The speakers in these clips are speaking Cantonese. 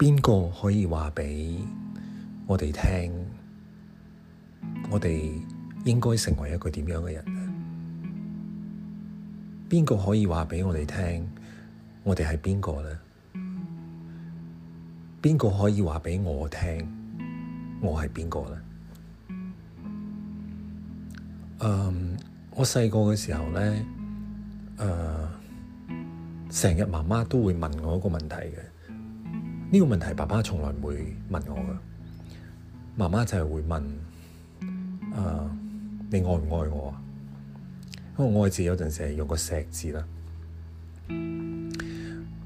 邊個可以話畀我哋聽，我哋應該成為一個點樣嘅人呢？邊個可以話畀我哋聽，嗯，我哋係邊個呢？邊個可以話畀我聽，我係邊個呢？我細個嘅時候呢，成日媽媽都會問我一個問題嘅。呢個問題，爸爸從來唔會問我嘅，媽媽就係會問：呃、你愛唔愛我啊？因為愛字有陣時係用個錫字啦、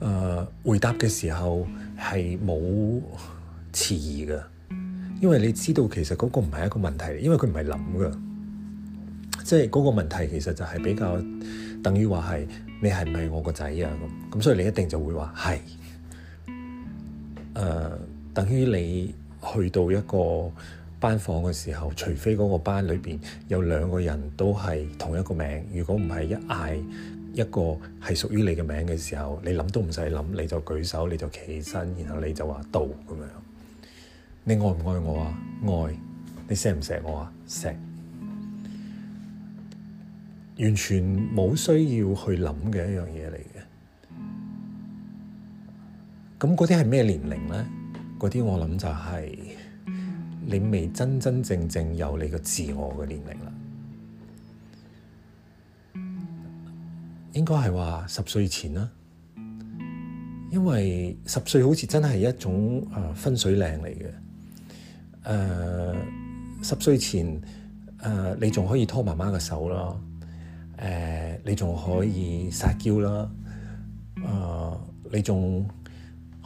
呃。回答嘅時候係冇遲疑嘅，因為你知道其實嗰個唔係一個問題，因為佢唔係諗嘅，即係嗰個問題其實就係比較等於話係你係唔係我個仔啊咁，咁所以你一定就會話係。Uh, 等於你去到一個班房嘅時候，除非嗰個班裏邊有兩個人都係同一個名，如果唔係一嗌一個係屬於你嘅名嘅時候，你諗都唔使諗，你就舉手，你就企起身，然後你就話到咁樣。你愛唔愛我啊？愛。你錫唔錫我啊？錫。完全冇需要去諗嘅一樣嘢嚟。咁嗰啲係咩年齡咧？嗰啲我諗就係你未真真正正有你個自我嘅年齡啦，應該係話十歲前啦，因為十歲好似真係一種誒分水嶺嚟嘅。誒、呃、十歲前誒、呃、你仲可以拖媽媽嘅手咯，誒、呃、你仲可以撒嬌啦，誒、呃、你仲～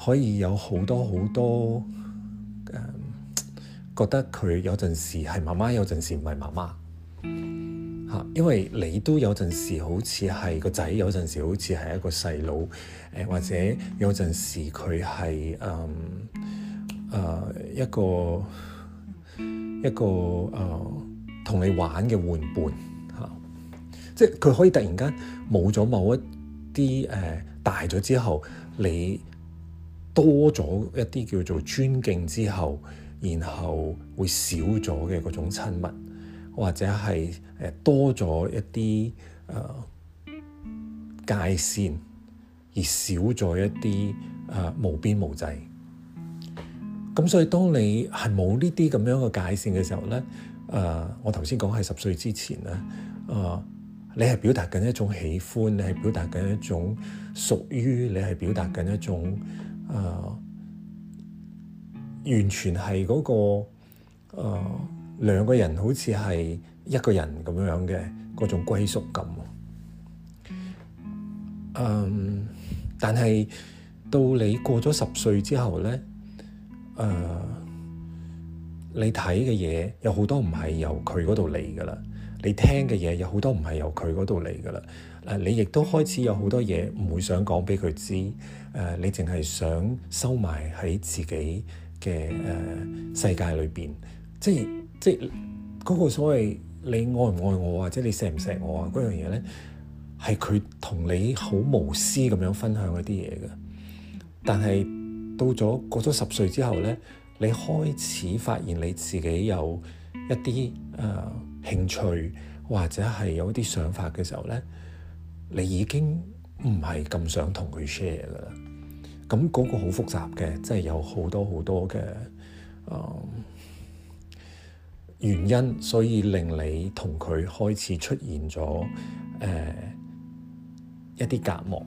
可以有好多好多誒，覺得佢有陣時係媽媽，有陣時唔係媽媽嚇。因為你都有陣時好似係個仔，有陣時好似係一個細佬誒，或者有陣時佢係誒誒一個一個誒同、呃、你玩嘅玩伴嚇、啊。即係佢可以突然間冇咗某一啲誒、呃、大咗之後你。多咗一啲叫做尊敬之後，然後會少咗嘅嗰種親密，或者係誒多咗一啲誒、呃、界線，而少咗一啲誒、呃、無邊無際。咁所以當你係冇呢啲咁樣嘅界線嘅時候咧，誒、呃、我頭先講係十歲之前咧，誒、呃、你係表達緊一種喜歡，你係表達緊一種屬於，你係表達緊一種。誒、呃，完全係嗰、那個誒、呃、兩個人好似係一個人咁樣嘅嗰種歸屬感、嗯。但係到你過咗十歲之後咧，誒、呃，你睇嘅嘢有好多唔係由佢嗰度嚟噶啦，你聽嘅嘢有好多唔係由佢嗰度嚟噶啦。誒，你亦都開始有好多嘢唔會想講俾佢知。誒，你淨係想收埋喺自己嘅誒世界裏邊，即係即係嗰個所謂你愛唔愛我或者你錫唔錫我啊嗰樣嘢咧，係佢同你好無私咁樣分享一啲嘢嘅。但係到咗過咗十歲之後咧，你開始發現你自己有一啲誒興趣或者係有一啲想法嘅時候咧。你已經唔係咁想同佢 share 啦，咁、那、嗰個好複雜嘅，即係有好多好多嘅、嗯、原因，所以令你同佢開始出現咗誒、呃、一啲隔膜。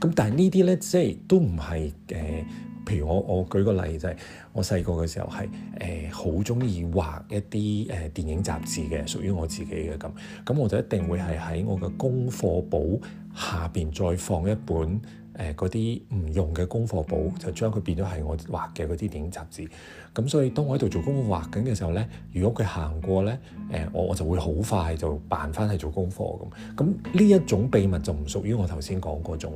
咁但係呢啲咧，即係都唔係誒。呃譬如，我我舉個例子就係、是、我細個嘅時候係誒好鍾意畫一啲誒電影雜誌嘅，屬於我自己嘅，咁，咁我就一定會係喺我嘅功課簿下面再放一本。誒嗰啲唔用嘅功課簿，就將佢變咗係我畫嘅嗰啲電影雜誌。咁所以當我喺度做功課畫緊嘅時候咧，如果佢行過咧，誒、呃、我我就會好快就扮翻去做功課咁。咁呢一種秘密就唔屬於我頭先講嗰種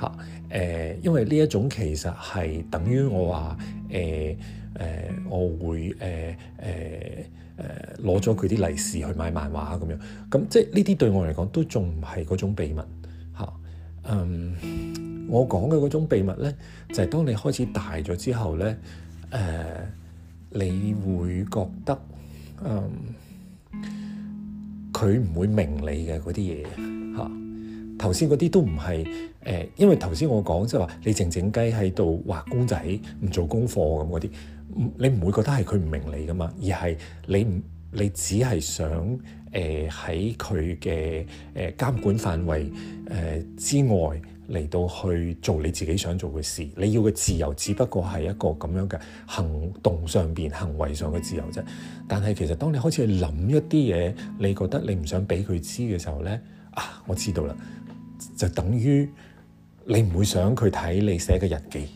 喎、啊呃。因為呢一種其實係等於我話誒誒，我會誒誒誒攞咗佢啲利是去買漫畫咁樣。咁即係呢啲對我嚟講都仲唔係嗰種秘密。嗯，um, 我講嘅嗰種秘密咧，就係、是、當你開始大咗之後咧，誒、呃，你會覺得嗯，佢唔會明你嘅嗰啲嘢嚇。頭先嗰啲都唔係誒，因為頭先我講即係話你靜靜雞喺度畫公仔，唔做功課咁嗰啲，你唔會覺得係佢唔明你㗎嘛，而係你唔。你只係想誒喺佢嘅誒監管範圍誒之外嚟到去做你自己想做嘅事，你要嘅自由，只不過係一個咁樣嘅行動上邊、行為上嘅自由啫。但係其實當你開始去諗一啲嘢，你覺得你唔想俾佢知嘅時候咧，啊，我知道啦，就等於你唔會想佢睇你寫嘅日記。誒、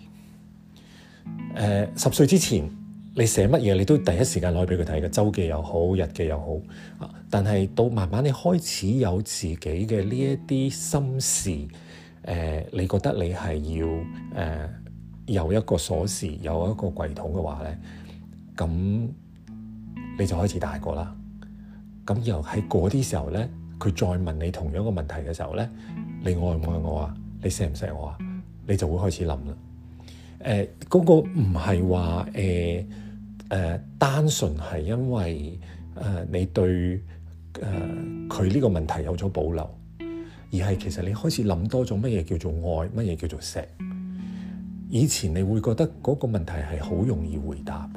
呃，十歲之前。你寫乜嘢，你都第一時間攞俾佢睇嘅，週記又好，日記又好啊。但係到慢慢你開始有自己嘅呢一啲心事，誒、呃，你覺得你係要誒、呃、有一個鎖匙，有一個櫃桶嘅話咧，咁你就開始大個啦。咁又喺嗰啲時候咧，佢再問你同樣嘅問題嘅時候咧，你愛唔愛我啊？你錫唔錫我啊？你就會開始諗啦。誒、呃，嗰、那個唔係話誒。呃誒、呃，單純係因為誒、呃，你對誒佢呢個問題有咗保留，而係其實你開始諗多咗乜嘢叫做愛，乜嘢叫做錫。以前你會覺得嗰個問題係好容易回答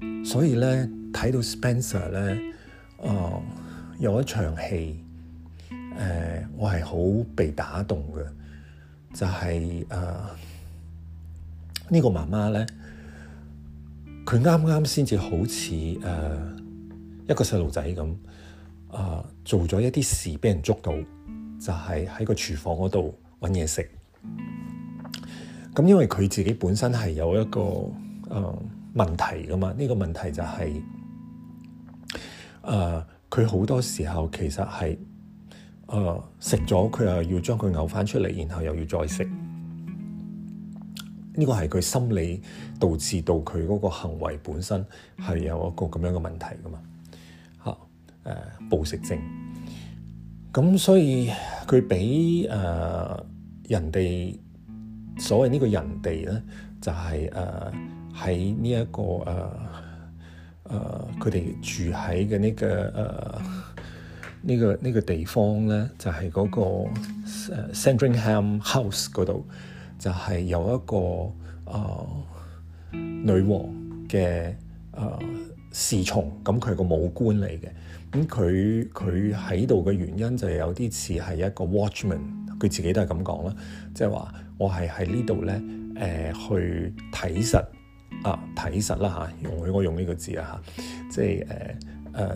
㗎，所以咧睇到 Spencer 咧，誒、呃、有一場戲，誒、呃、我係好被打動嘅，就係、是、誒、呃這個、呢個媽媽咧。佢啱啱先至好似誒、呃、一個細路仔咁啊，做咗一啲事俾人捉到，就係、是、喺個廚房嗰度搵嘢食。咁、嗯、因為佢自己本身係有一個誒、呃、問題噶嘛，呢、這個問題就係誒佢好多時候其實係誒食咗佢又要將佢嘔翻出嚟，然後又要再食。呢個係佢心理導致到佢嗰個行為本身係有一個咁樣嘅問題噶嘛，嚇誒、啊、暴食症，咁所以佢畀誒人哋所謂呢個人哋咧，就係誒喺呢一個誒誒佢哋住喺嘅呢個誒呢、呃這個呢、這個地方咧，就係、是、嗰個 Sandringham House 嗰度。就係有一個啊、呃、女王嘅啊、呃、侍從，咁佢係個武官嚟嘅。咁佢佢喺度嘅原因就係有啲似係一個 watchman，佢自己都係咁講啦，即係話我係喺呢度咧，誒、呃、去睇實啊睇實啦嚇、啊，容許我用呢個字啊嚇，即係誒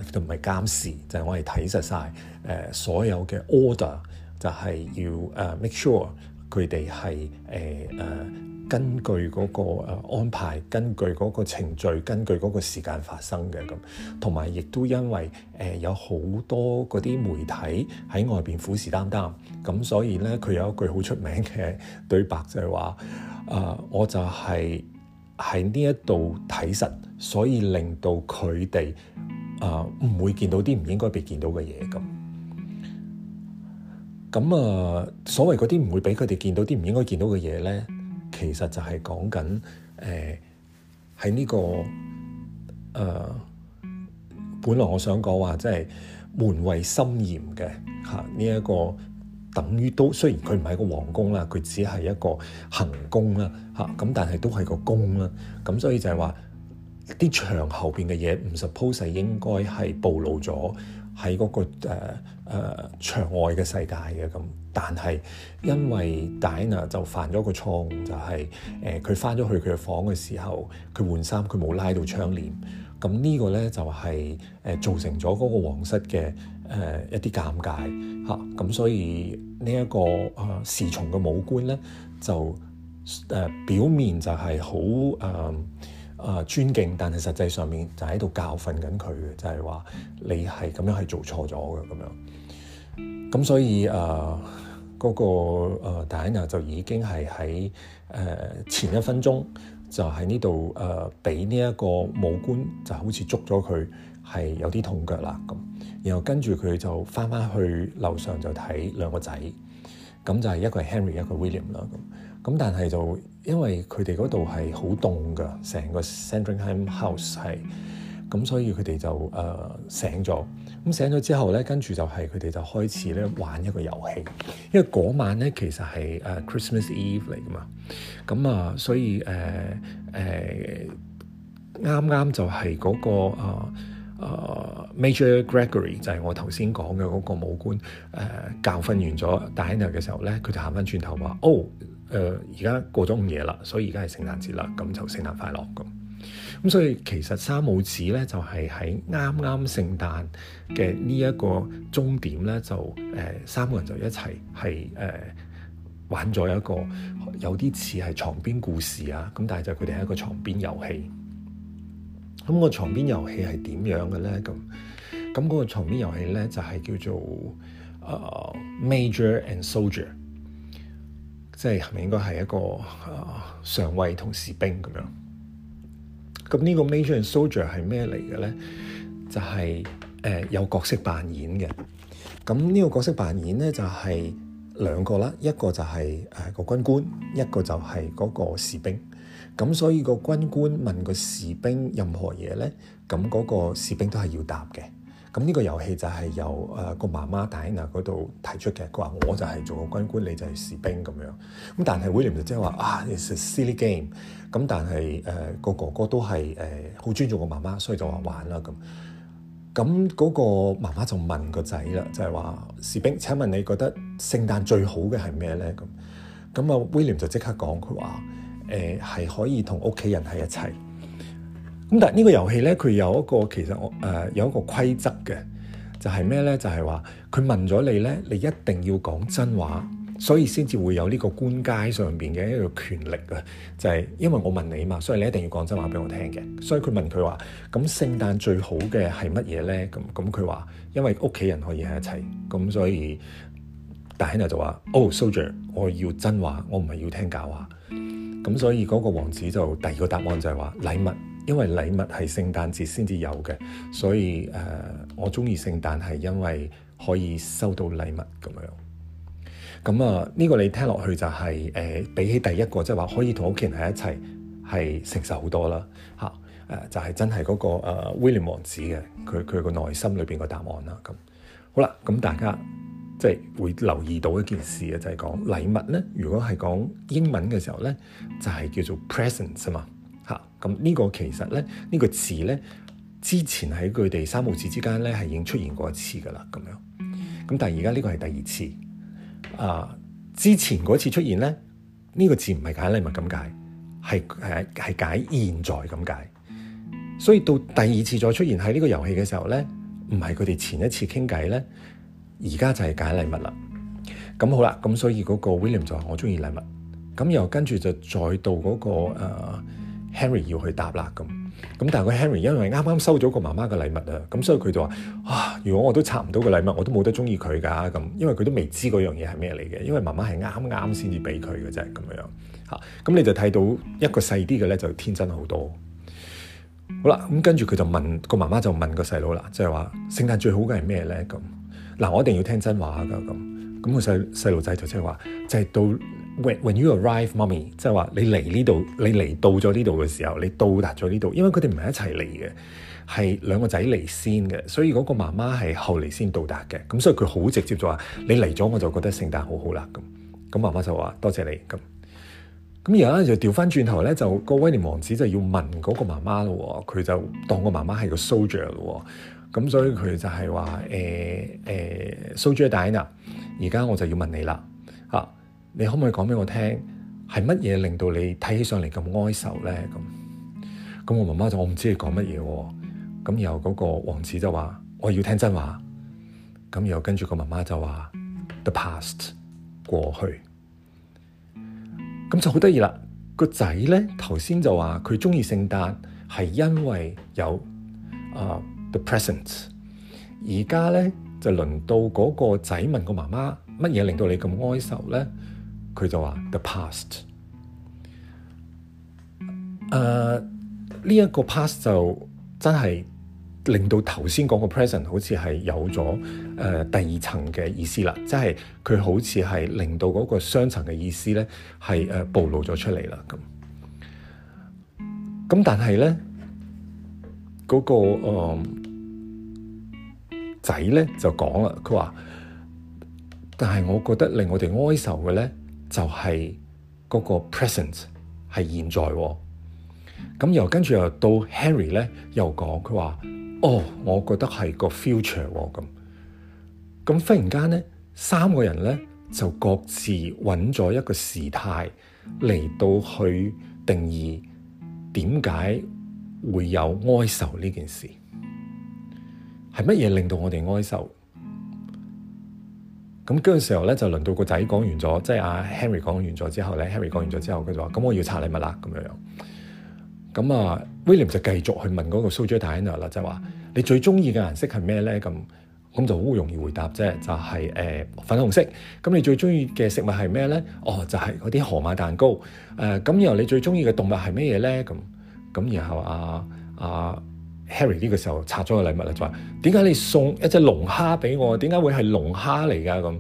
誒就唔係監視，就係、是、我係睇實晒誒、呃、所有嘅 order，就係要誒、呃、make sure。佢哋係誒誒根據嗰個安排，根據嗰個程序，根據嗰個時間發生嘅咁，同埋亦都因為誒、呃、有好多嗰啲媒體喺外邊虎視眈眈，咁所以咧佢有一句好出名嘅對白就係話：誒、呃、我就係喺呢一度睇實，所以令到佢哋誒唔會見到啲唔應該被見到嘅嘢咁。咁啊，所謂嗰啲唔會俾佢哋見到啲唔應該見到嘅嘢咧，其實就係講緊誒喺呢個誒、呃，本來我想講話，即、就、係、是、門衛森嚴嘅嚇，呢、啊、一、這個等於都雖然佢唔係個皇宮啦，佢只係一個行宮啦嚇，咁、啊、但係都係個宮啦，咁、啊、所以就係話啲牆後邊嘅嘢唔 suppose 應該係暴露咗喺嗰個、呃誒場外嘅世界嘅咁，但係因為戴娜就犯咗個錯誤，就係誒佢返咗去佢嘅房嘅時候，佢換衫，佢冇拉到窗簾，咁呢個咧就係、是、誒造成咗嗰個皇室嘅誒一啲尷尬嚇，咁、啊、所以呢一個啊侍從嘅武官咧就誒表面就係好誒誒尊敬，但係實際上面就喺度教訓緊佢嘅，就係、是、話你係咁樣係做錯咗嘅咁樣。咁所以誒，嗰、呃嗰個誒、呃、Diana 就已經係喺誒前一分鐘就喺呢度誒，俾呢一個武官就好似捉咗佢，係有啲痛腳啦咁。然後跟住佢就返返去樓上就睇兩個仔，咁就係一個係 Henry，一個 William 啦咁。咁但係就因為佢哋嗰度係好凍㗎，成個 Sandringham House 係咁，所以佢哋就誒、呃、醒咗。咁醒咗之後咧，跟住就係佢哋就開始咧玩一個遊戲，因為嗰晚咧其實係 Christmas Eve 嚟噶嘛，咁啊，所以誒啱啱就係嗰、那個啊、呃呃、Major Gregory 就係我頭先講嘅嗰個武官誒、呃、教訓完咗 Diana 嘅時候咧，佢就行翻轉頭話：，哦，而、呃、家過咗午夜啦，所以而家係聖誕節啦，咁就聖誕快樂咁。咁所以其實三母子咧就係喺啱啱聖誕嘅呢一個終點咧，就誒、是呃、三個人就一齊係誒玩咗一個有啲似係床邊故事啊，咁但係就佢哋係一個床邊遊戲。咁、那個床邊遊戲係點樣嘅咧？咁咁嗰個床邊遊戲咧就係、是、叫做誒、呃、Major and Soldier，即係係咪應該係一個誒、呃、上尉同士兵咁樣。咁呢個 Major and Soldier 係咩嚟嘅咧？就係、是、誒、呃、有角色扮演嘅。咁呢個角色扮演咧就係、是、兩個啦，一個就係誒個軍官，一個就係嗰個士兵。咁所以個軍官問個士兵任何嘢咧，咁嗰個士兵都係要答嘅。咁呢個遊戲就係由誒、呃、個媽媽戴安娜嗰度提出嘅。佢話我就係做個軍官，你就係士兵咁樣。咁但係威廉就即係話、ah, 啊，It's a silly game。咁但係誒、呃那個哥哥都係誒好尊重個媽媽，所以就話玩啦咁。咁嗰、那個媽媽就問個仔啦，就係、是、話：士兵，請問你覺得聖誕最好嘅係咩咧？咁咁啊，威廉就即刻講佢話：誒係、呃、可以同屋企人喺一齊。咁但係呢個遊戲咧，佢有一個其實我誒、呃、有一個規則嘅，就係咩咧？就係話佢問咗你咧，你一定要講真話。所以先至會有呢個官階上邊嘅一個權力啊，就係因為我問你嘛，所以你一定要講真話俾我聽嘅。所以佢問佢話：咁聖誕最好嘅係乜嘢呢？咁咁佢話：因為屋企人可以喺一齊，咁所以戴安娜就話：哦，soldier，我要真話，我唔係要聽假話。咁所以嗰個王子就第二個答案就係話禮物，因為禮物係聖誕節先至有嘅，所以誒，我中意聖誕係因為可以收到禮物咁樣。咁啊，呢個你聽落去就係、是、誒、呃，比起第一個即係話可以同屋企人喺一齊，係誠實好多啦嚇。誒、啊、就係、是、真係嗰、那個誒威廉王子嘅，佢佢個內心裏邊個答案啦咁、啊。好啦，咁、嗯、大家即係會留意到一件事嘅，就係講禮物咧。如果係講英文嘅時候咧，就係、是、叫做 present 嘛嚇。咁、啊、呢、嗯這個其實咧，呢、這個字咧，之前喺佢哋三父子之間咧係已經出現過一次噶啦，咁樣。咁但係而家呢個係第二次。啊！之前嗰次出現咧，呢、呢個字唔係解禮物咁解，係解現在咁解。所以到第二次再出現喺呢個遊戲嘅時候咧，唔係佢哋前一次傾偈咧，而家就係解禮物啦。咁好啦，咁所以嗰個 William 就話我中意禮物，咁又跟住就再到嗰、嗰個、啊、Harry 要去答啦。咁咁但係個 Harry 因為啱啱收咗個媽媽嘅禮物啊，咁所以佢就話啊～如果我都拆唔到個禮物，我都冇得中意佢㗎咁，因為佢都未知嗰樣嘢係咩嚟嘅，因為媽媽係啱啱先至俾佢嘅啫咁樣嚇。咁你就睇到一個細啲嘅咧，就天真好多。好啦，咁跟住佢就問個媽媽就問個細佬啦，即係話聖誕最好嘅係咩咧？咁嗱，我一定要聽真話㗎咁。咁個細細路仔就即係話，就係到 When when you arrive, mommy，即係話你嚟呢度，你嚟到咗呢度嘅時候，你到達咗呢度，因為佢哋唔係一齊嚟嘅。係兩個仔嚟先嘅，所以嗰個媽媽係後嚟先到達嘅，咁所以佢好直接就話：你嚟咗我就覺得聖誕好好啦。咁咁媽媽就話：多謝你。咁咁而家就調翻轉頭咧，就個威廉王子就要問嗰個媽媽咯，佢就當個媽媽係個 soldier 咯，咁所以佢就係話：誒、欸、誒、欸、，soldier Diana，而、er, 家我就要問你啦，啊，你可唔可以講俾我聽，係乜嘢令到你睇起上嚟咁哀愁咧？咁咁我媽媽就我唔知你講乜嘢。咁然後嗰個王子就話我要聽真話，咁然後跟住個媽媽就話 the past 過去，咁就好得意啦。個仔呢頭先就話佢中意聖誕係因為有啊、uh, the present，而家呢，就輪到嗰個仔問個媽媽乜嘢令到你咁哀愁呢？佢就話 the past，誒呢一個 past 就真係。令到頭先講個 present 好似係有咗誒、呃、第二層嘅意思啦，即係佢好似係令到嗰個雙層嘅意思咧，係誒、呃、暴露咗出嚟啦。咁咁但係咧嗰個、呃、仔咧就講啦，佢話：但係我覺得令我哋哀愁嘅咧，就係、是、嗰個 present 係現在喎、哦。咁又跟住又到 Harry 咧又講，佢話。哦，oh, 我覺得係個 future 喎、哦、咁，咁忽然間咧，三個人咧就各自揾咗一個時態嚟到去定義點解會有哀愁呢件事，係乜嘢令到我哋哀愁？咁嗰陣時候咧，就輪到個仔講完咗，即、就、係、是、阿、啊、Henry 講完咗之後咧，Henry 講完咗之後，佢就話，咁我要拆禮物啦，咁樣樣。咁啊，William 就繼續去問嗰個蘇朱泰納啦，就話你最中意嘅顏色係咩咧？咁咁就好容易回答啫，就係、是、誒、呃、粉紅色。咁你最中意嘅食物係咩咧？哦，就係嗰啲河馬蛋糕。誒、呃，咁然後你最中意嘅動物係咩嘢咧？咁咁然後啊阿、啊、Harry 呢個時候拆咗個禮物啦，就話點解你送一隻龍蝦俾我？點解會係龍蝦嚟㗎？咁。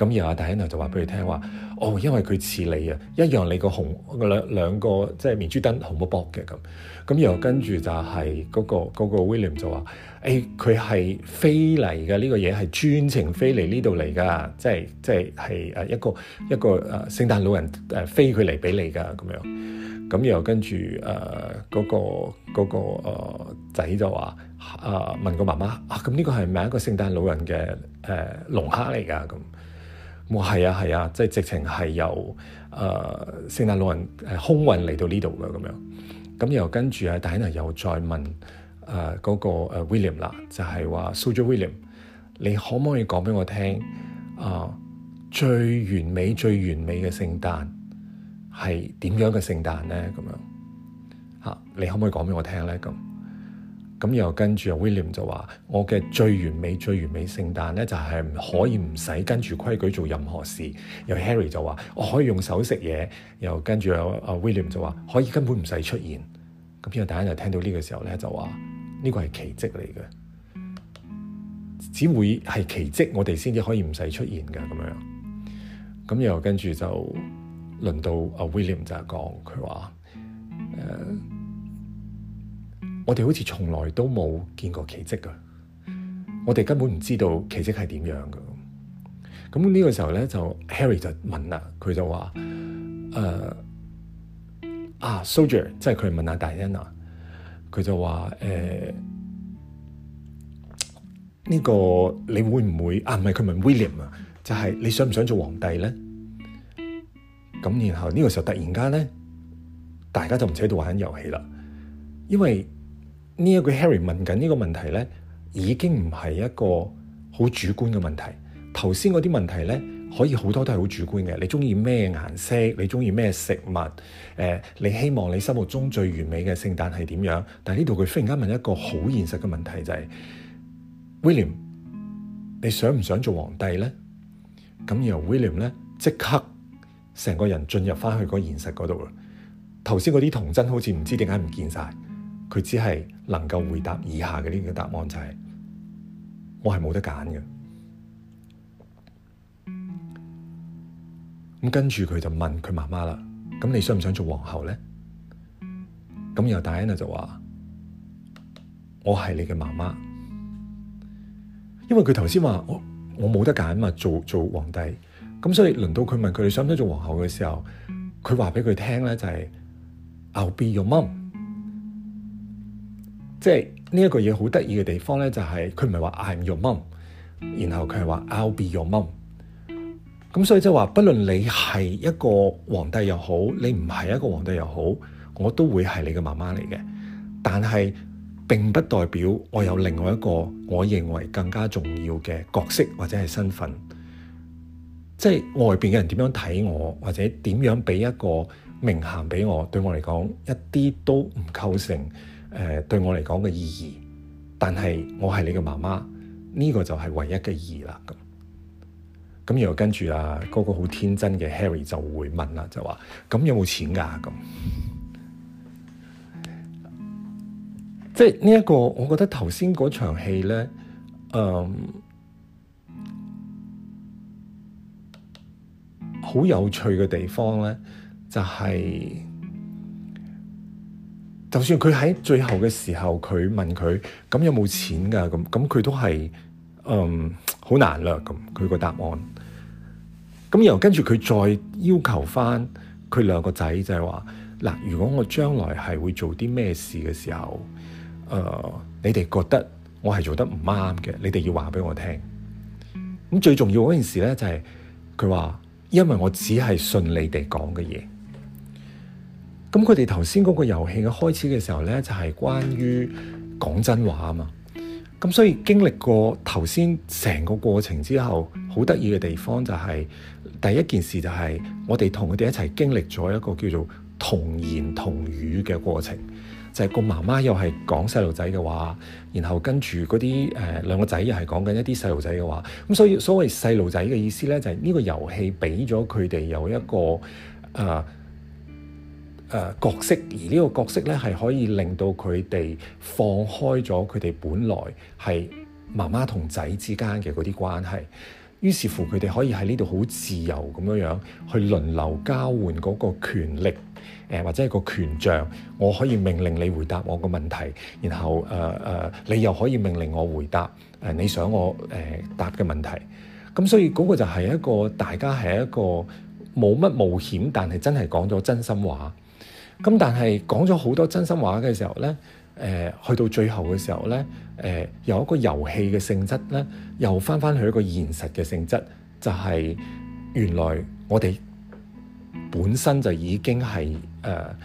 咁然後戴安娜就話俾佢聽話，哦，因為佢似你啊，一樣你個紅兩兩個兩兩個即係面珠燈紅卜卜嘅咁。咁又跟住就係嗰、那個、那個、William 就話：，誒佢係飛嚟嘅呢個嘢係專程飛嚟呢度嚟㗎，即係即係係誒一個一個誒聖誕老人誒、呃、飛佢嚟俾你㗎咁樣。咁又跟住誒嗰個嗰、那個呃、仔就話、呃：，啊問、這個媽媽啊，咁呢個係咪一個聖誕老人嘅誒龍蝦嚟㗎咁？呃哇，係啊，係啊，啊，即係直情係由誒、呃、聖誕老人誒空運嚟到呢度嘅咁樣，咁又跟住啊，戴安娜又再問誒嗰、呃那個 William 啦，就係、是、話 s e e William，你可唔可以講俾我聽啊、呃、最完美最完美嘅聖誕係點樣嘅聖誕咧？咁樣嚇、啊，你可唔可以講俾我聽咧？咁？咁又跟住阿 William 就話，我嘅最完美、最完美聖誕咧，就係可以唔使跟住規矩做任何事。又 Harry 就話：我可以用手食嘢。又跟住阿 William 就話：可以根本唔使出現。咁之後大家就聽到呢個時候咧，就話呢個係奇蹟嚟嘅，只會係奇蹟，我哋先至可以唔使出現㗎咁樣。咁又跟住就輪到阿 William 就係講，佢話誒。呃我哋好似從來都冇見過奇蹟啊。我哋根本唔知道奇蹟係點樣噶。咁呢個時候咧，就 Harry 就問啦，佢就話，誒、uh, ah，啊，Soldier，即係佢問 Diana 啊，佢就話，誒，呢個你會唔會？啊，唔係佢問 William 啊，就係你想唔想做皇帝咧？咁然後呢個時候突然間咧，大家就唔使喺度玩遊戲啦，因為，呢一句 Harry 問緊呢個問題咧，已經唔係一個好主觀嘅問題。頭先嗰啲問題咧，可以好多都係好主觀嘅，你中意咩顏色？你中意咩食物？誒、呃，你希望你心目中最完美嘅聖誕係點樣？但係呢度佢忽然間問一個好現實嘅問題，就係、是、William，你想唔想做皇帝咧？咁然後 William 咧即刻成個人進入翻去嗰現實嗰度啦。頭先嗰啲童真好似唔知點解唔見晒。佢只係能夠回答以下嘅呢個答案就係，我係冇得揀嘅。咁跟住佢就問佢媽媽啦，咁你想唔想做皇后咧？咁然後戴安娜就話，我係你嘅媽媽，因為佢頭先話我我冇得揀嘛，做做皇帝。咁所以輪到佢問佢哋想唔想做皇后嘅時候，佢話俾佢聽咧就係，I'll be your mum。即係呢一個嘢好得意嘅地方咧，就係佢唔係話 I'm your mom，然後佢係話 I'll be your mom。咁所以即係話，不論你係一個皇帝又好，你唔係一個皇帝又好，我都會係你嘅媽媽嚟嘅。但係並不代表我有另外一個我認為更加重要嘅角色或者係身份。即係外邊嘅人點樣睇我，或者點樣俾一個名銜俾我，對我嚟講一啲都唔構成，誒、呃、對我嚟講嘅意義，但係我係你嘅媽媽，呢個就係唯一嘅意義啦。咁咁然後跟住啊，嗰個好天真嘅 Harry 就會問啦，就話：咁有冇錢㗎？咁 即係呢一個，我覺得頭先嗰場戲咧，誒、嗯、好有趣嘅地方咧，就係。就算佢喺最後嘅時候，佢問佢咁有冇錢噶咁，咁佢都係嗯好難啦咁，佢個答案。咁然後跟住佢再要求翻佢兩個仔就係話，嗱，如果我將來係會做啲咩事嘅時候，誒、呃，你哋覺得我係做得唔啱嘅，你哋要話俾我聽。咁最重要嗰件事咧就係、是，佢話因為我只係信你哋講嘅嘢。咁佢哋頭先嗰個遊戲嘅開始嘅時候呢，就係關於講真話啊嘛。咁所以經歷過頭先成個過程之後，好得意嘅地方就係第一件事就係我哋同佢哋一齊經歷咗一個叫做同言同語嘅過程，就係個媽媽又係講細路仔嘅話，然後跟住嗰啲誒兩個仔又係講緊一啲細路仔嘅話。咁所以所謂細路仔嘅意思呢，就係呢個遊戲俾咗佢哋有一個、呃誒、呃、角色而呢個角色咧，係可以令到佢哋放開咗佢哋本來係媽媽同仔之間嘅嗰啲關係。於是乎，佢哋可以喺呢度好自由咁樣樣去輪流交換嗰個權力，呃、或者係個權杖。我可以命令你回答我個問題，然後、呃呃、你又可以命令我回答、呃、你想我、呃、答嘅問題。咁所以嗰個就係一個大家係一個冇乜冒險，但係真係講咗真心話。咁但係講咗好多真心話嘅時候咧，誒、呃、去到最後嘅時候咧，誒、呃、有一個遊戲嘅性質咧，又翻翻去一個現實嘅性質，就係、是、原來我哋本身就已經係誒、呃、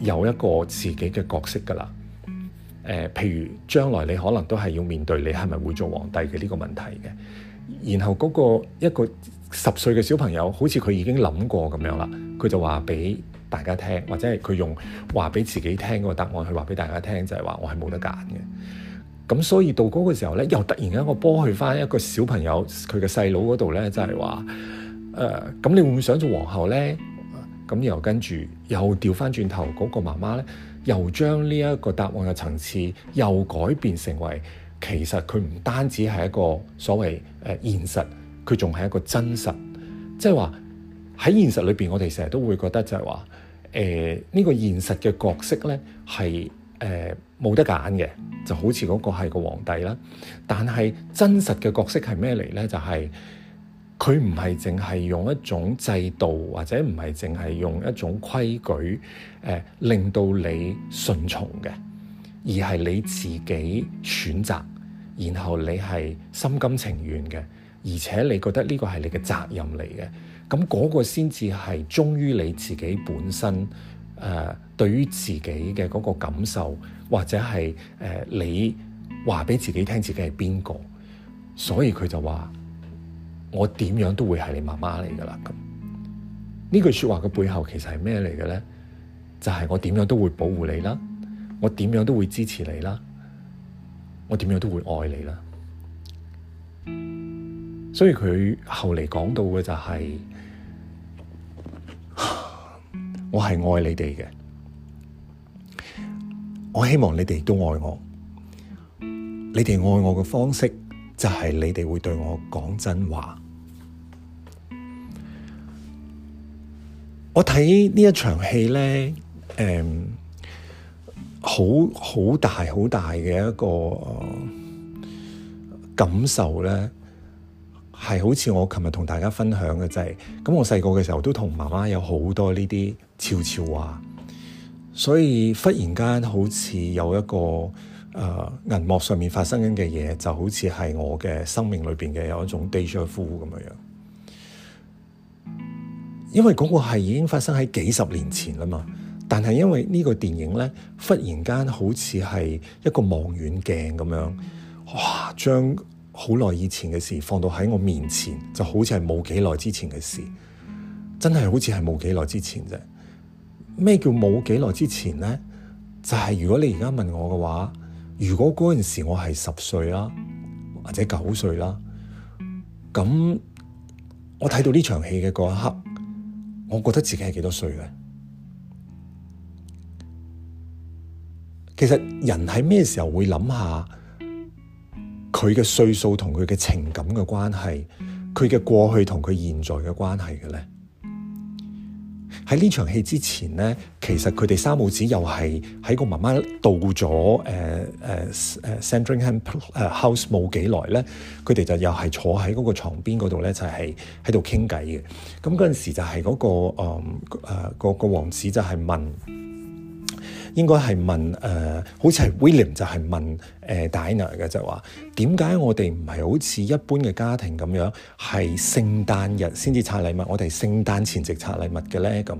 有一個自己嘅角色㗎啦。誒、呃，譬如將來你可能都係要面對你係咪會做皇帝嘅呢個問題嘅，然後嗰個一個十歲嘅小朋友，好似佢已經諗過咁樣啦，佢就話俾大家聽，或者係佢用話俾自己聽個答案去話俾大家聽，就係話我係冇得揀嘅。咁所以到嗰個時候咧，又突然間一個波去翻一個小朋友佢嘅細佬嗰度咧，就係話誒，咁、呃、你會唔會想做皇后咧？咁又跟住又調翻轉頭嗰個媽媽咧，又將呢一個答案嘅層次又改變成為其實佢唔單止係一個所謂誒現實，佢仲係一個真實，即係話喺現實裏邊，我哋成日都會覺得就係話。誒呢個現實嘅角色呢，係誒冇得揀嘅，就好似嗰個係個皇帝啦。但係真實嘅角色係咩嚟呢？就係佢唔係淨係用一種制度或者唔係淨係用一種規矩誒，令到你順從嘅，而係你自己選擇，然後你係心甘情願嘅，而且你覺得呢個係你嘅責任嚟嘅。咁嗰個先至係忠於你自己本身，誒、呃，對於自己嘅嗰個感受，或者係誒、呃、你話俾自己聽自己係邊個，所以佢就話我點樣都會係你媽媽嚟噶啦。咁呢句說話嘅背後其實係咩嚟嘅咧？就係、是、我點樣都會保護你啦，我點樣都會支持你啦，我點樣都會愛你啦。所以佢後嚟講到嘅就係、是。我係愛你哋嘅，我希望你哋都愛我。你哋愛我嘅方式，就係、是、你哋會對我講真話。我睇呢一場戲咧，誒、嗯，好好大好大嘅一個感受咧。係好似我琴日同大家分享嘅就係咁，咁我細個嘅時候都同媽媽有好多呢啲悄悄話，所以忽然間好似有一個誒、呃、銀幕上面發生緊嘅嘢，就好似係我嘅生命裏邊嘅有一種 déjà vu 咁樣，因為嗰個係已經發生喺幾十年前啦嘛，但係因為呢個電影咧，忽然間好似係一個望遠鏡咁樣，哇，將～好耐以前嘅事放到喺我面前，就好似係冇幾耐之前嘅事，真係好似係冇幾耐之前啫。咩叫冇幾耐之前呢？就係如果你而家問我嘅話，如果嗰陣時我係十歲啦，或者九歲啦，咁我睇到呢場戲嘅嗰一刻，我覺得自己係幾多歲呢？其實人喺咩時候會諗下？佢嘅歲數同佢嘅情感嘅關係，佢嘅過去同佢現在嘅關係嘅咧，喺呢場戲之前咧，其實佢哋三母子又係喺個媽媽到咗誒誒誒 Sandringham House 冇幾耐咧，佢哋就又係坐喺嗰個牀邊嗰度咧，就係喺度傾偈嘅。咁嗰陣時就係嗰個誒誒個個王子就係問。應該係問誒、呃，好似係 William 就係問誒 Diana 嘅，就話點解我哋唔係好似一般嘅家庭咁樣，係聖誕日先至拆禮物，我哋聖誕前夕拆禮物嘅咧？咁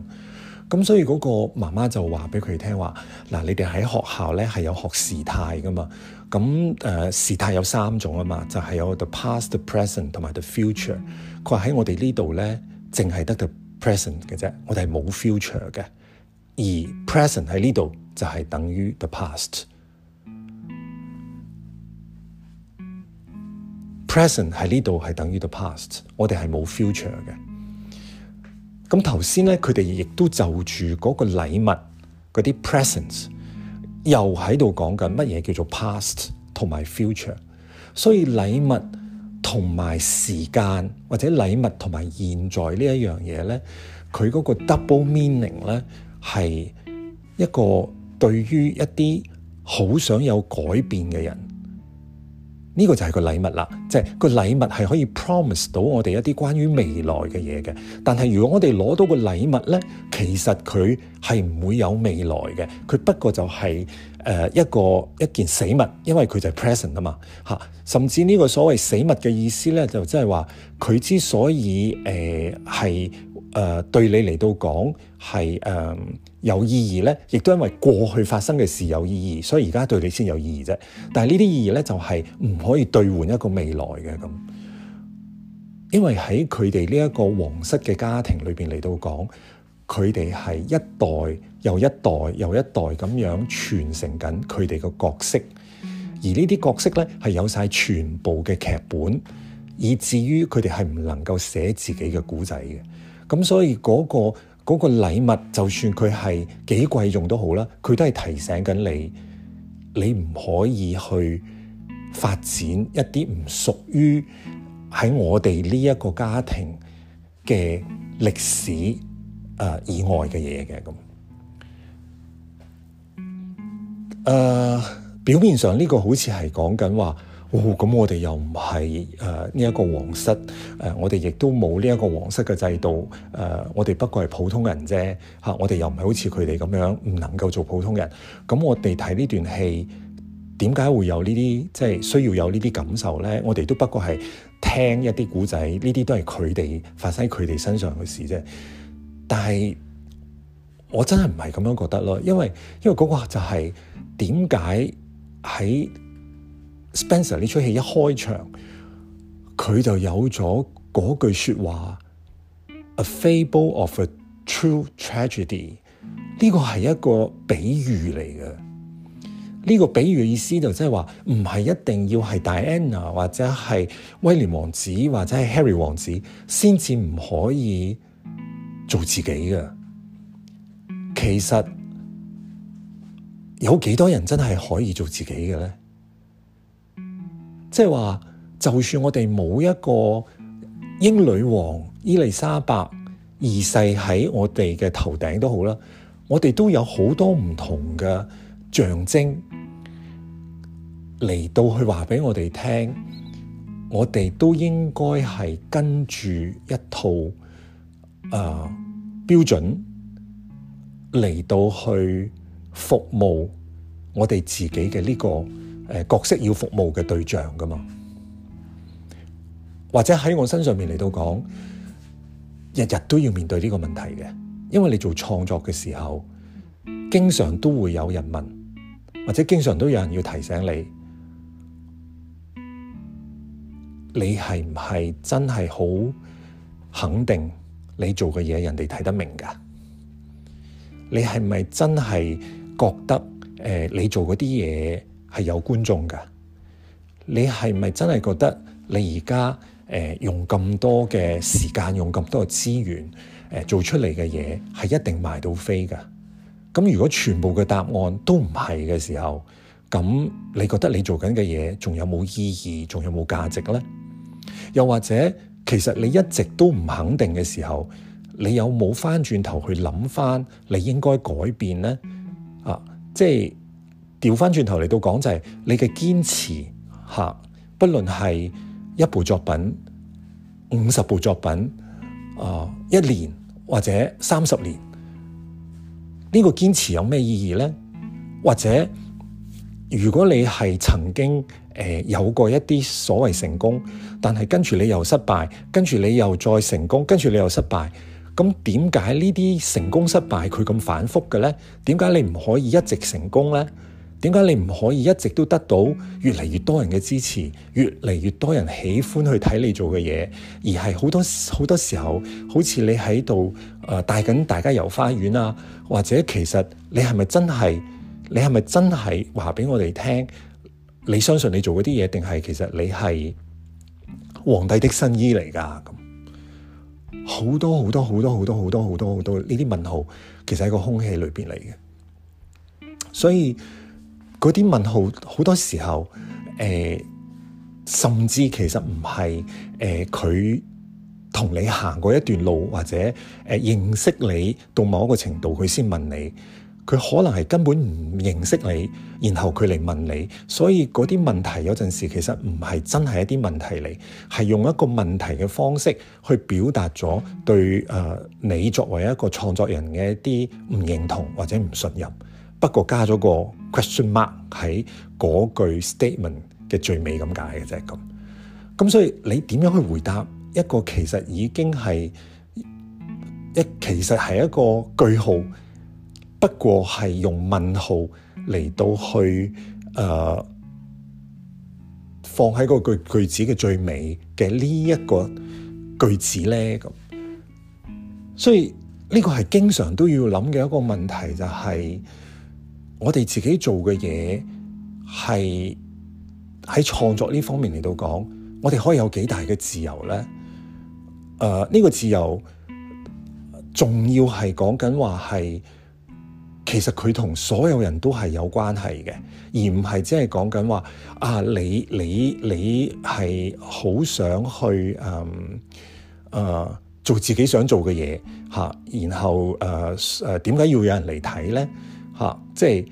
咁所以嗰個媽媽就話俾佢哋聽話，嗱你哋喺學校咧係有學時態噶嘛？咁誒、呃、時態有三種啊嘛，就係、是、有 the past，the present 同埋 the future。佢話喺我哋呢度咧，淨係得 the present 嘅啫，我哋係冇 future 嘅。而 present 喺呢度就係等於 the past。present 喺呢度係等於 the past 我，我哋係冇 future 嘅。咁頭先咧，佢哋亦都就住嗰個禮物嗰啲 present 又喺度講緊乜嘢叫做 past 同埋 future。所以禮物同埋時間，或者禮物同埋現在一呢一樣嘢咧，佢嗰個 double meaning 咧。係一個對於一啲好想有改變嘅人，呢個就係個禮物啦。即係個禮物係可以 promise 到我哋一啲關於未來嘅嘢嘅。但係如果我哋攞到個禮物咧，其實佢係唔會有未來嘅。佢不過就係誒一個一件死物，因為佢就係 present 啊嘛吓。甚至呢個所謂死物嘅意思咧，就即係話佢之所以誒係。呃是誒、呃、對你嚟到講係誒有意義呢，亦都因為過去發生嘅事有意義，所以而家對你先有意義啫。但係呢啲意義呢，就係、係、唔可以兌換一個未來嘅咁，因為喺佢哋呢一個皇室嘅家庭裏邊嚟到講，佢哋係一代又一代又一代咁樣傳承緊佢哋嘅角色，而呢啲角色呢，係有晒全部嘅劇本，以至於佢哋係唔能夠寫自己嘅故仔嘅。咁所以嗰個嗰個禮物，就算佢係幾貴重都好啦，佢都係提醒緊你，你唔可以去發展一啲唔屬於喺我哋呢一個家庭嘅歷史啊以外嘅嘢嘅咁。誒，表面上呢個好似係講緊話。咁、哦、我哋又唔係呢一個皇室、呃、我哋亦都冇呢一個皇室嘅制度、呃、我哋不過係普通人啫、啊、我哋又唔係好似佢哋咁樣唔能夠做普通人。咁我哋睇呢段戲點解會有呢啲即係需要有呢啲感受咧？我哋都不過係聽一啲古仔，呢啲都係佢哋發生喺佢哋身上嘅事啫。但係我真係唔係咁樣覺得咯，因為因為嗰個就係點解喺。Spencer 呢出戲一開場，佢就有咗嗰句說話：A Fable of a True Tragedy。呢個係一個比喻嚟嘅。呢、這個比喻意思就即係話，唔係一定要係 Diana 或者係威廉王子或者係 Harry 王子先至唔可以做自己嘅。其實有幾多人真係可以做自己嘅呢？即係話，就算我哋冇一個英女王伊麗莎白二世喺我哋嘅頭頂都好啦，我哋都有好多唔同嘅象徵嚟到去話俾我哋聽，我哋都應該係跟住一套誒、呃、標準嚟到去服務我哋自己嘅呢、這個。誒角色要服務嘅對象㗎嘛，或者喺我身上面嚟到講，日日都要面對呢個問題嘅，因為你做創作嘅時候，經常都會有人問，或者經常都有人要提醒你，你係唔係真係好肯定你做嘅嘢人哋睇得明㗎？你係唔係真係覺得、呃、你做嗰啲嘢係有觀眾㗎，你係咪真係覺得你而家誒用咁多嘅時間，用咁多嘅資源誒、呃、做出嚟嘅嘢係一定賣到飛㗎？咁如果全部嘅答案都唔係嘅時候，咁你覺得你做緊嘅嘢仲有冇意義，仲有冇價值呢？又或者其實你一直都唔肯定嘅時候，你有冇返轉頭去諗返，你應該改變呢？啊，即係。調翻轉頭嚟到講就係、是、你嘅堅持吓，不論係一部作品、五十部作品啊，一年或者三十年，呢、這個堅持有咩意義呢？或者如果你係曾經、呃、有過一啲所謂成功，但係跟住你又失敗，跟住你又再成功，跟住你又失敗，咁點解呢啲成功失敗佢咁反覆嘅呢？點解你唔可以一直成功呢？點解你唔可以一直都得到越嚟越多人嘅支持，越嚟越多人喜歡去睇你做嘅嘢？而係好多好多時候，好似你喺度誒帶緊大家遊花園啊，或者其實你係咪真係？你係咪真係話俾我哋聽？你相信你做嗰啲嘢，定係其實你係皇帝的新衣嚟㗎？咁好多好多好多好多好多好多好多呢啲問號，其實喺個空氣裏邊嚟嘅，所以。嗰啲問號好多時候，誒、呃、甚至其實唔係誒、佢同你行過一段路或者誒、呃、認識你到某一個程度，佢先問你。佢可能係根本唔認識你，然後佢嚟問你。所以嗰啲問題有陣時其實唔係真係一啲問題嚟，係用一個問題嘅方式去表達咗對誒、呃、你作為一個創作人嘅一啲唔認同或者唔信任。不過加咗個 question mark 喺嗰句 statement 嘅最尾咁解嘅啫，咁咁，所以你點樣去回答一個其實已經係一其實係一個句號，不過係用問號嚟到去誒、呃、放喺嗰句句子嘅最尾嘅呢一個句子咧？咁，所以呢個係經常都要諗嘅一個問題就係、是。我哋自己做嘅嘢，係喺創作呢方面嚟到講，我哋可以有幾大嘅自由咧？誒、呃，呢、呢個自由仲要係講緊話，係其實佢同所有人都係有關係嘅，而唔係即係講緊話啊！你你你係好想去誒誒、嗯呃、做自己想做嘅嘢吓，然後誒誒點解要有人嚟睇咧？嚇，即係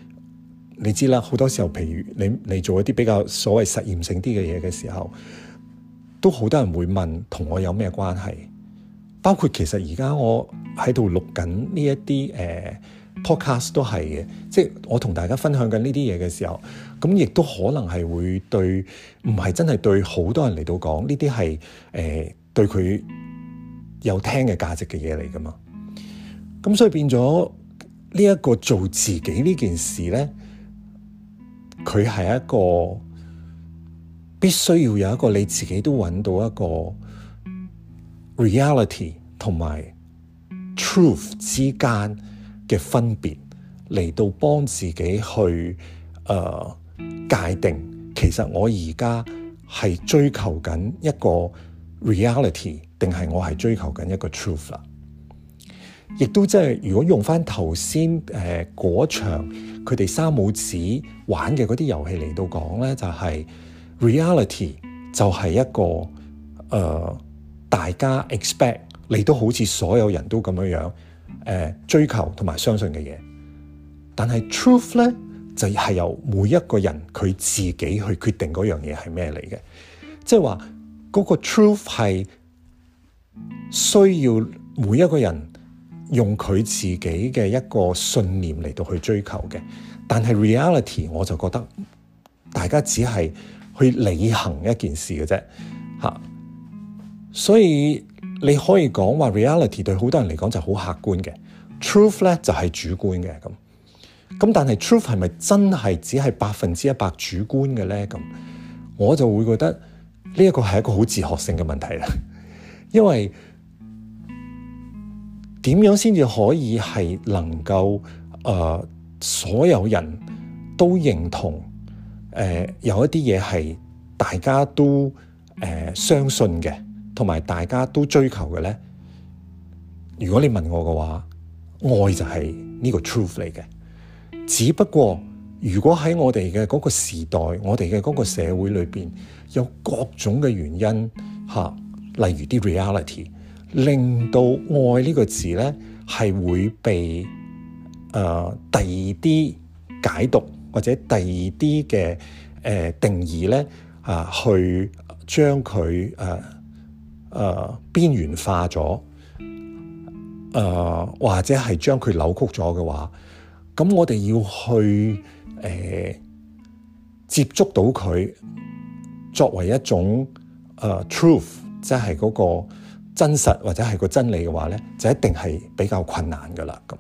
你知啦，好多時候，譬如你你做一啲比較所謂實驗性啲嘅嘢嘅時候，都好多人會問同我有咩關係？包括其實而家我喺度錄緊呢一啲誒 podcast 都係嘅，即係我同大家分享緊呢啲嘢嘅時候，咁亦都可能係會對，唔係真係對好多人嚟到講呢啲係誒對佢有聽嘅價值嘅嘢嚟㗎嘛？咁所以變咗。呢一個做自己呢件事呢，佢係一個必須要有一個你自己都揾到一個 reality 同埋 truth 之間嘅分別，嚟到幫自己去、呃、界定。其實我而家係追求緊一個 reality，定係我係追求緊一個 truth 啦。亦都即係，如果用翻頭先誒嗰場佢哋三母子玩嘅嗰啲遊戲嚟到講咧，就係 reality 就係一個、呃、大家 expect 你都好似所有人都咁樣樣、呃、追求同埋相信嘅嘢，但係 truth 咧就係由每一個人佢自己去決定嗰樣嘢係咩嚟嘅。即係話嗰個 truth 係需要每一個人。用佢自己嘅一個信念嚟到去追求嘅，但係 reality 我就覺得大家只係去履行一件事嘅啫，吓、啊。所以你可以講話 reality 對好多人嚟講就好客觀嘅，truth 咧就係、是、主觀嘅咁。咁但係 truth 係咪真係只係百分之一百主觀嘅咧？咁我就會覺得呢一個係一個好自學性嘅問題啦，因為。點樣先至可以係能夠、呃、所有人都認同、呃、有一啲嘢係大家都、呃、相信嘅，同埋大家都追求嘅咧？如果你問我嘅話，愛就係呢個 truth 嚟嘅。只不過如果喺我哋嘅嗰個時代、我哋嘅嗰個社會裏面，有各種嘅原因嚇，例如啲 reality。令到愛這個呢個字咧，係會被誒第二啲解讀或者第二啲嘅誒定義咧啊、呃，去將佢誒誒邊緣化咗誒、呃，或者係將佢扭曲咗嘅話，咁我哋要去誒、呃、接觸到佢作為一種誒、呃、truth，即係嗰、那個，真實或者係個真理嘅話呢，就一定係比較困難噶啦。咁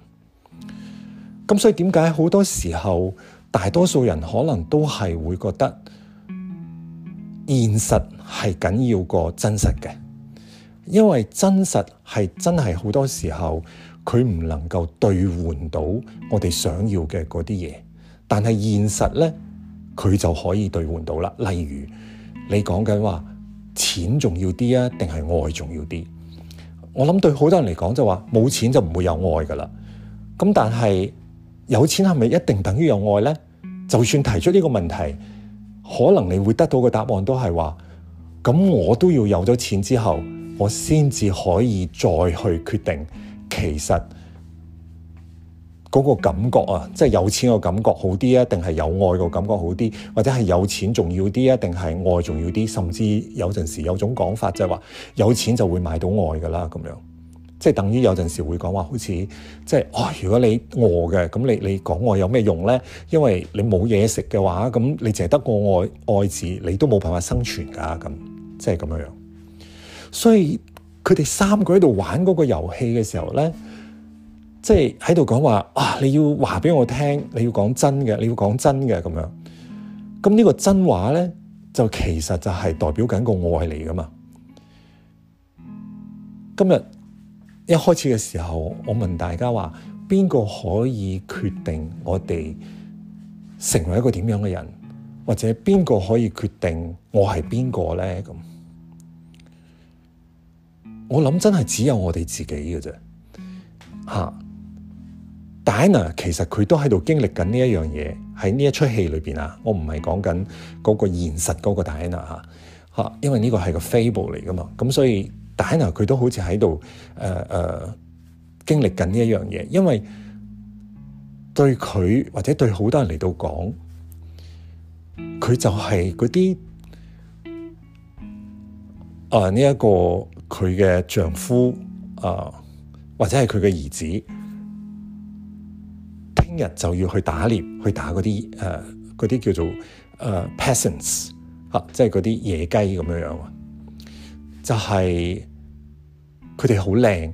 咁所以點解好多時候，大多數人可能都係會覺得現實係緊要過真實嘅，因為真實係真係好多時候佢唔能夠兌換到我哋想要嘅嗰啲嘢，但係現實呢，佢就可以兌換到啦。例如你講緊話。錢重要啲啊，定係愛重要啲？我諗對好多人嚟講就話冇錢就唔會有愛噶啦。咁但係有錢係咪一定等於有愛呢？就算提出呢個問題，可能你會得到嘅答案都係話：咁我都要有咗錢之後，我先至可以再去決定。其實。嗰個感覺啊，即係有錢個感覺好啲啊，定係有愛個感覺好啲，或者係有錢重要啲啊，定係愛重要啲，甚至有陣時有種講法就係話有錢就會買到愛噶啦，咁樣即係等於有陣時會講話，好似即係哇、哦，如果你餓嘅，咁你你講愛有咩用咧？因為你冇嘢食嘅話，咁你淨係得個愛愛字，你都冇辦法生存噶，咁即係咁樣樣。所以佢哋三個喺度玩嗰個遊戲嘅時候咧。即係喺度講話，哇、啊！你要話俾我聽，你要講真嘅，你要講真嘅咁樣。咁呢個真話咧，就其實就係代表緊個愛嚟噶嘛。今日一開始嘅時候，我問大家話：邊個可以決定我哋成為一個點樣嘅人，或者邊個可以決定我係邊個咧？咁我諗真係只有我哋自己嘅啫，吓、啊。戴安娜其實佢都喺度經歷緊呢一樣嘢，喺呢一出戲裏邊啊，我唔係講緊嗰個現實嗰個戴安娜嚇嚇，因為呢個係個 fable 嚟噶嘛，咁所以戴安娜佢都好似喺度誒誒經歷緊呢一樣嘢，因為對佢或者對好多人嚟到講，佢就係嗰啲誒，呢一個佢嘅丈夫啊、呃，或者係佢嘅兒子。今日就要去打獵，去打嗰啲誒，嗰啲、呃、叫做誒、呃、pheasants 啊，即係嗰啲野雞咁樣樣。就係佢哋好靚，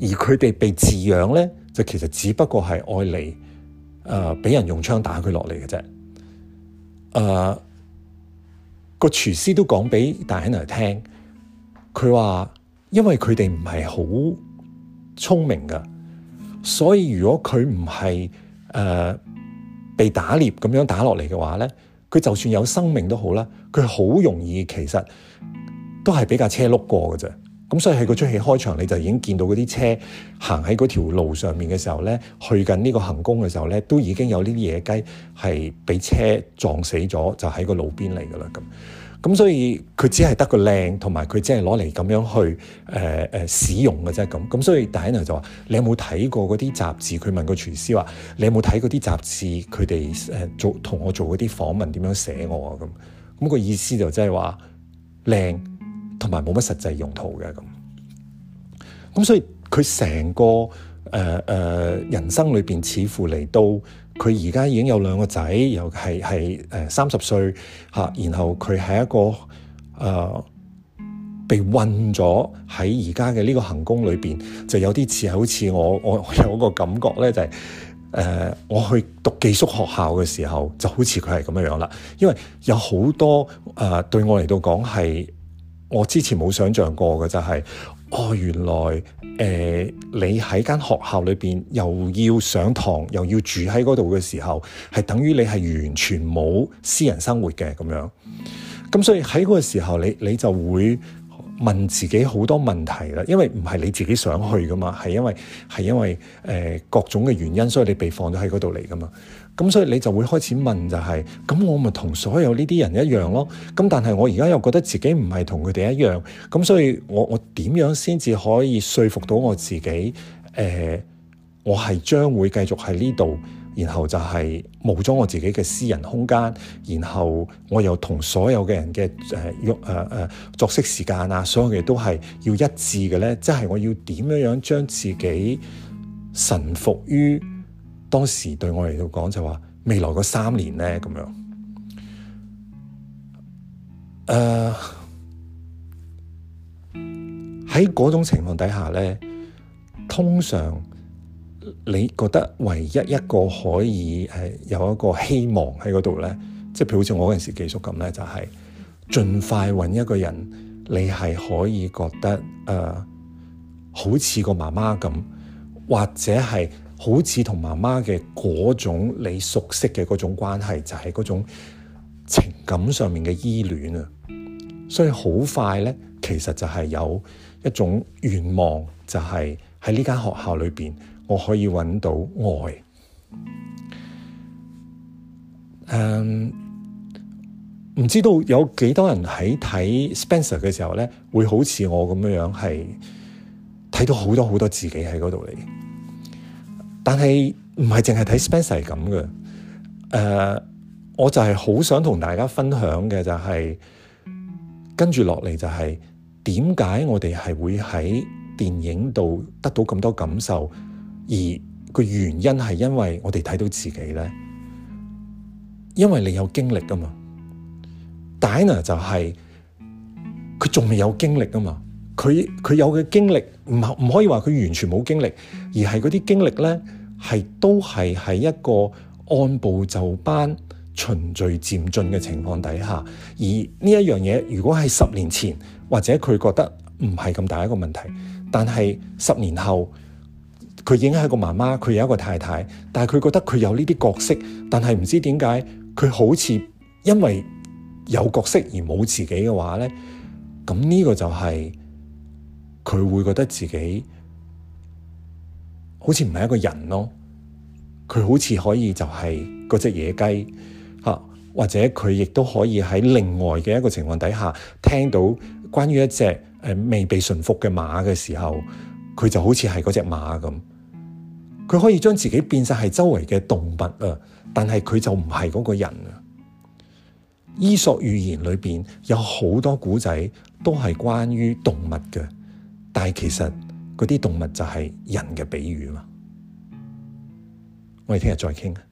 而佢哋被飼養咧，就其實只不過係愛嚟，誒、俾、呃、人用槍打佢落嚟嘅啫。誒、呃，個廚師都講俾戴安娜聽，佢話因為佢哋唔係好聰明噶。所以如果佢唔係誒被打獵咁樣打落嚟嘅話咧，佢就算有生命都好啦，佢好容易其實都係俾架車碌過嘅啫。咁所以喺個出戲開場，你就已經見到嗰啲車行喺嗰條路上面嘅時候咧，去緊呢個行宮嘅時候咧，都已經有呢啲野雞係俾車撞死咗，就喺個路邊嚟噶啦咁。咁所以佢只係得個靚，同埋佢只係攞嚟咁樣去誒誒、呃呃、使用嘅啫。咁咁所以 Diana 就話，你有冇睇過嗰啲雜誌？佢問個廚師話，你有冇睇嗰啲雜誌？佢哋誒做同我做嗰啲訪問點樣寫我啊？咁、那、咁個意思就即係話，靚，同埋冇乜實際用途嘅咁。咁所以佢成個誒誒人生裏邊似乎嚟到。佢而家已經有兩個仔，又係係誒三十歲嚇，然後佢係一個誒、呃、被困咗喺而家嘅呢個行宮裏邊，就有啲似好似我我，我有個感覺咧，就係、是、誒、呃、我去讀寄宿學校嘅時候，就好似佢係咁樣樣啦，因為有好多誒、呃、對我嚟到講係我之前冇想象過嘅就係、是。哦，原來誒、呃，你喺間學校裏邊又要上堂，又要住喺嗰度嘅時候，係等於你係完全冇私人生活嘅咁樣。咁所以喺嗰個時候，你你就會問自己好多問題啦。因為唔係你自己想去㗎嘛，係因為係因為誒、呃、各種嘅原因，所以你被放咗喺嗰度嚟㗎嘛。咁所以你就會開始問就係，咁我咪同所有呢啲人一樣咯？咁但係我而家又覺得自己唔係同佢哋一樣，咁所以我我點樣先至可以說服到我自己？誒，我係將會繼續喺呢度，然後就係冇咗我自己嘅私人空間，然後我又同所有嘅人嘅誒用誒誒作息時間啊，所有嘢都係要一致嘅咧，即係我要點樣樣將自己臣服於？當時對我嚟到講就話未來嗰三年咧咁樣，誒喺嗰種情況底下咧，通常你覺得唯一一個可以係有一個希望喺嗰度咧，即係譬如好似我嗰陣時寄宿咁咧，就係盡快揾一個人，你係可以覺得誒、uh, 好似個媽媽咁，或者係。好似同媽媽嘅嗰種你熟悉嘅嗰種關係，就係嗰種情感上面嘅依戀啊！所以好快咧，其實就係有一種願望，就係喺呢間學校裏面，我可以揾到愛。誒，唔知道有幾多人喺睇 Spencer 嘅時候咧，會好似我咁樣係睇到好多好多自己喺嗰度嚟。但係唔係淨係睇 Spencer 咁嘅，誒，uh, 我就係好想同大家分享嘅就係跟住落嚟就係點解我哋係會喺電影度得到咁多感受，而個原因係因為我哋睇到自己咧，因為你有經歷啊嘛，Diana 就係佢仲未有經歷啊嘛，佢佢有嘅經歷唔唔可以話佢完全冇經歷，而係嗰啲經歷咧。係都係喺一個按部就班循序漸進嘅情況底下，而呢一樣嘢，如果係十年前或者佢覺得唔係咁大一個問題，但係十年後佢影響個媽媽，佢有一個太太，但係佢覺得佢有呢啲角色，但係唔知點解佢好似因為有角色而冇自己嘅話呢。咁呢個就係佢會覺得自己，好似唔係一個人咯，佢好似可以就係嗰隻野雞吓、啊，或者佢亦都可以喺另外嘅一個情況底下，聽到關於一隻誒未被馴服嘅馬嘅時候，佢就好似係嗰隻馬咁。佢可以將自己變晒係周圍嘅動物啊，但係佢就唔係嗰個人啊。伊索寓言裏邊有好多古仔都係關於動物嘅，但係其實。嗰啲動物就係人嘅比喻嘛，我哋聽日再傾。